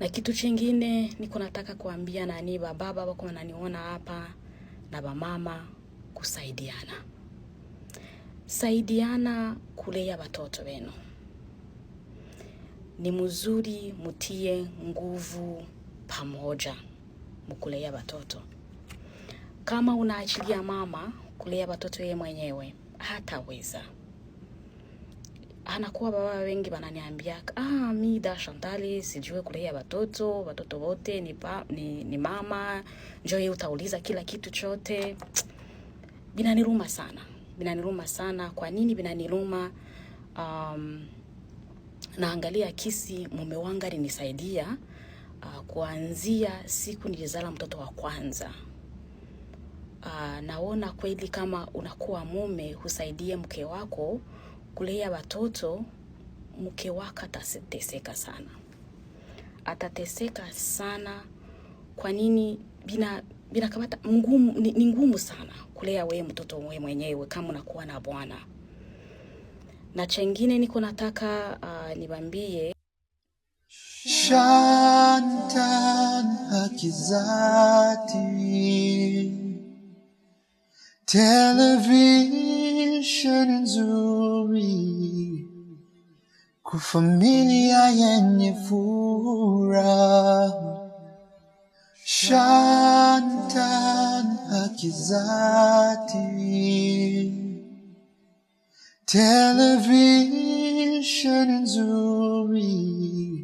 Na kitu chingine niko nataka kuambia nani bababa wako wananiona hapa na bamama, kusaidiana, saidiana kulea watoto wenu ni mzuri, mutie nguvu pamoja mkulea watoto. Kama unaachilia mama kulea watoto yeye mwenyewe hataweza anakuwa baba wengi wananiambia ah, mi da Chantal sijue kulea watoto, watoto wote ni, pa, ni, ni mama njoo utauliza kila kitu chote. Binaniruma sana, binaniruma sana. Kwa nini binaniruma? Um, naangalia kisi mume wangu alinisaidia uh, kuanzia siku nilizala mtoto wa kwanza. Uh, naona kweli kama unakuwa mume husaidie mke wako kulea watoto, mke wako atateseka sana, atateseka sana. Kwa nini? bina bina kamata ngumu, ni ngumu sana kulea wewe mtoto wewe mwenyewe kama unakuwa na bwana. Na chengine niko nataka uh, ah, niwambie Shantan Hakizati Television Shannon zuri ku familia yenye furaha shantan hakizati television nzuri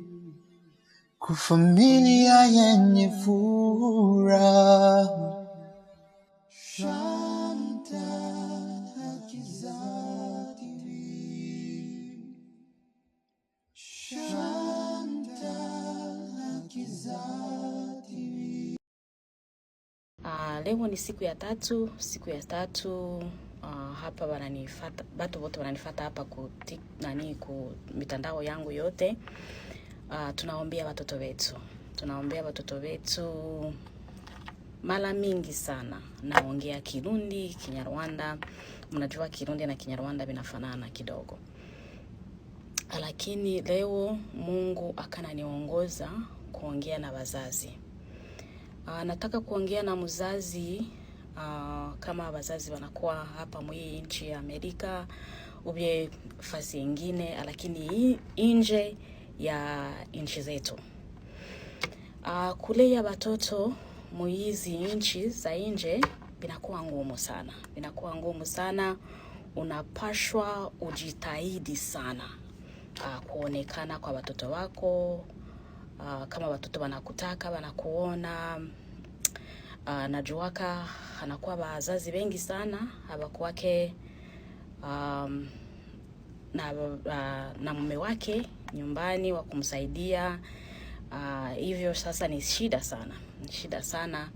ku familia yenye furaha shantan leo ni siku ya tatu, siku ya tatu uh, hapa wananifuata watu wote wananifuata hapa ku nani ku mitandao yangu yote. Uh, tunaombea watoto wetu, tunaombea watoto wetu mara mingi sana. Naongea Kirundi, Kinyarwanda. Mnajua Kirundi na Kinyarwanda vinafanana kidogo, lakini leo Mungu akananiongoza kuongea na wazazi Uh, nataka kuongea na mzazi uh, kama wazazi wanakuwa hapa mwii nchi ya Amerika ubye fasi ingine, lakini nje ya nchi zetu uh, kulea watoto muizi nchi za nje binakuwa ngumu sana, binakuwa ngumu sana. Unapashwa ujitahidi sana uh, kuonekana kwa watoto wako uh, kama watoto wanakutaka wanakuona uh, ah, najuaka anakuwa wazazi wengi sana awakuwake um, na, uh, na mume wake nyumbani wa kumsaidia uh, hivyo sasa ni shida sana, ni shida sana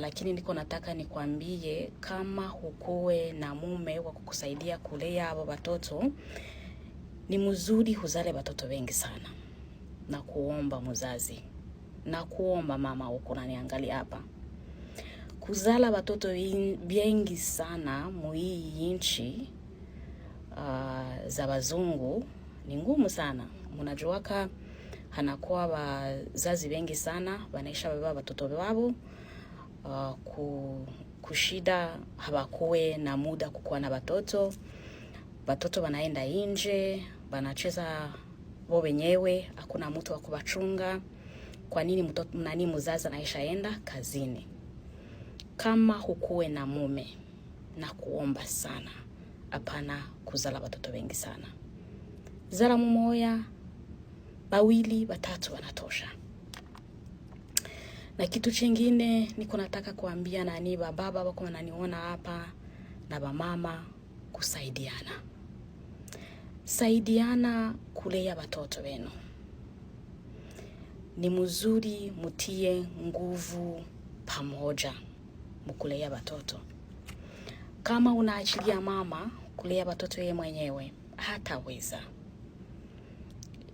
lakini niko nataka nikwambie, kama hukuwe na mume wa kukusaidia kulea hao watoto, ni mzuri huzale watoto wengi sana na kuomba mzazi na kuomba mama uko naniangalia hapa kuzala watoto wengi sana muhii nchi uh, za wazungu ni ngumu sana. Mnajuaka hanakuwa wazazi wengi sana wanaisha baba watoto wao uh, ah, kushida hawakuwe na muda kukuwa na watoto. Watoto wanaenda nje wanacheza wao wenyewe, hakuna mtu wa kuwachunga. Kwa nini mtoto nani mzazi anaishaenda kazini? Kama hukuwe na mume na kuomba sana, hapana kuzala watoto wengi sana, zala mmoja bawili watatu wanatosha. Na kitu chingine niko nataka kuambia nani bababa wako wananiona hapa na bamama, kusaidiana saidiana kulea watoto wenu. Ni mzuri mutie nguvu pamoja mukulea watoto. Kama unaachilia mama kulea watoto yeye mwenyewe, hataweza.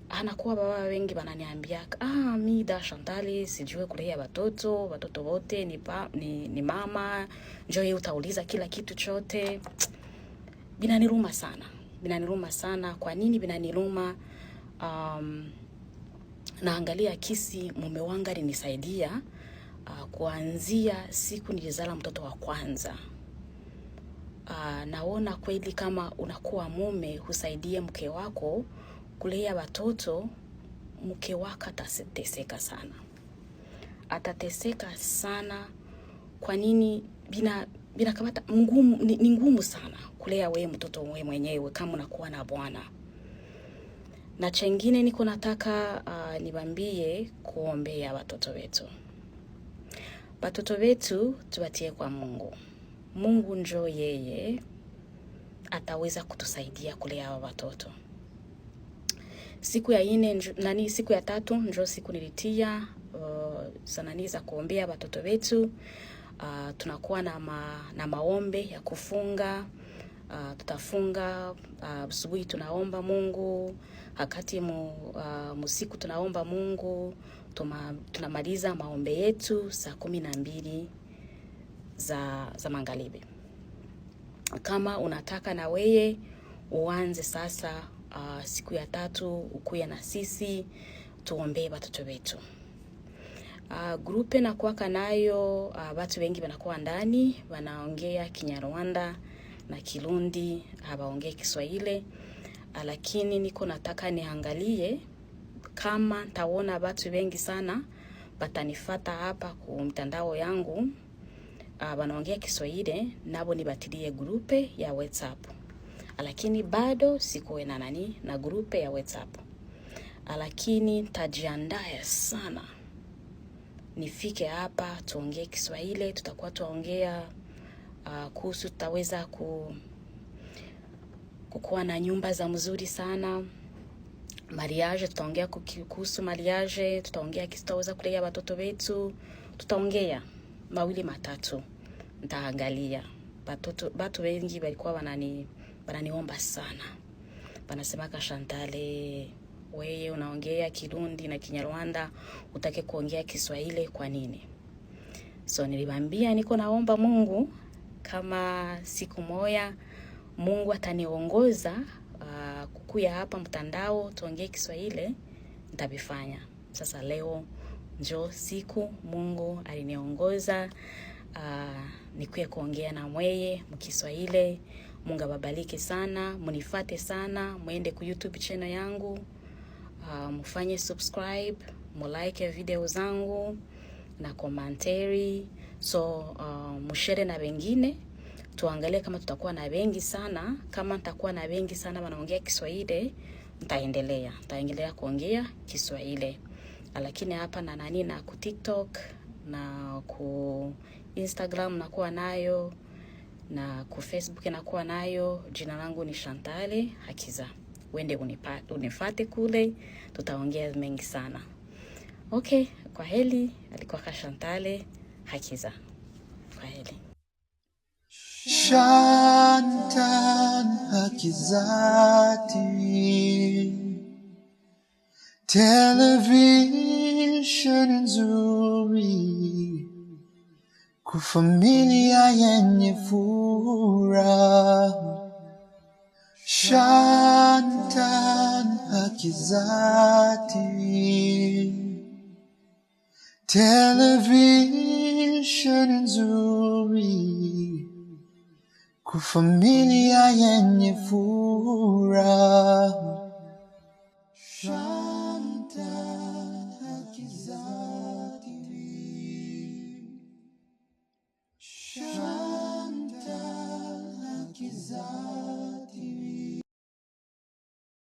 Anakuwa baba wengi wananiambia, ah, mi da Shantali sijue kulea watoto, watoto wote ni, pa, ni, ni mama, njoo utauliza kila kitu chote. Binaniruma sana vinaniluma sana. Kwa nini vinaniluma? Um, naangalia kisi mume wangu alinisaidia uh, kuanzia siku nilizala mtoto wa kwanza. Uh, naona kweli kama unakuwa mume husaidie mke wako kulea watoto, mke wako atateseka sana, atateseka sana. Kwa nini bina Binakamata ngumu, ni, ni ngumu sana kulea wewe mtoto wewe mwenyewe kama unakuwa na bwana. Na chengine niko nataka uh, ah, nibambie kuombea watoto wetu. Watoto wetu tuwatie kwa Mungu. Mungu njo yeye ataweza kutusaidia kulea hawa watoto. Siku ya ine njo, nani siku ya tatu njo siku nilitia uh, sanani za kuombea watoto wetu uh, tunakuwa na, ma, na maombe ya kufunga uh, tutafunga ah, asubuhi uh, tunaomba Mungu wakati mu, uh, musiku tunaomba Mungu tuma, tunamaliza maombe yetu saa kumi na mbili za, za magharibi. Kama unataka na weye uanze sasa, uh, siku ya tatu ukuye na sisi tuombee watoto wetu. Uh, grupe nakuwaka nayo uh, watu wengi wanakuwa ndani wanaongea Kinyarwanda na Kirundi habaongee Kiswahili uh, lakini niko nataka niangalie kama ntaona watu wengi sana batanifata hapa ku mtandao yangu uh, wanaongea Kiswahili nabo nibatilie grupe ya WhatsApp, lakini bado sikuwe na nani na grupe ya WhatsApp, lakini tajiandae sana nifike hapa tuongee Kiswahili, tutakuwa tuongea uh, ah, kuhusu tutaweza ku kukuwa na nyumba za mzuri sana mariage, tutaongea kuhusu mariage, tutaongea kisi tutaweza kulea watoto wetu, tutaongea mawili matatu, nitaangalia batoto. Batu wengi walikuwa wanani wananiomba sana, wanasemaka Shantale wewe unaongea Kirundi na Kinyarwanda utake kuongea Kiswahili kwa nini? So nilimwambia niko naomba Mungu kama siku moja Mungu ataniongoza uh, ah, kukuya hapa mtandao tuongee Kiswahili nitavifanya. Sasa leo njo siku Mungu aliniongoza uh, ah, nikuye kuongea na mweye mkiswahili. Mungu awabariki sana, munifate sana, muende ku YouTube channel yangu. Ah, mfanye um, subscribe, mulike video zangu na commentary, so uh, ah, mshere na wengine tuangalie kama tutakuwa na wengi sana. Kama nitakuwa na wengi sana wanaongea Kiswahili, nitaendelea nitaendelea kuongea Kiswahili, ah, lakini hapa na nani na ku TikTok na ku Instagram nakuwa nayo na ku Facebook nakuwa nayo. Jina langu ni Shantali Hakiza uende unifate kule, tutaongea mengi sana. Okay, kwa heli. Alikuwa Kashantale Hakiza, kwa heli. Shantan Hakizati, television nzuri, kufamilia yenye furaha anxiety. Television nzuri, kwa familia yenye furaha.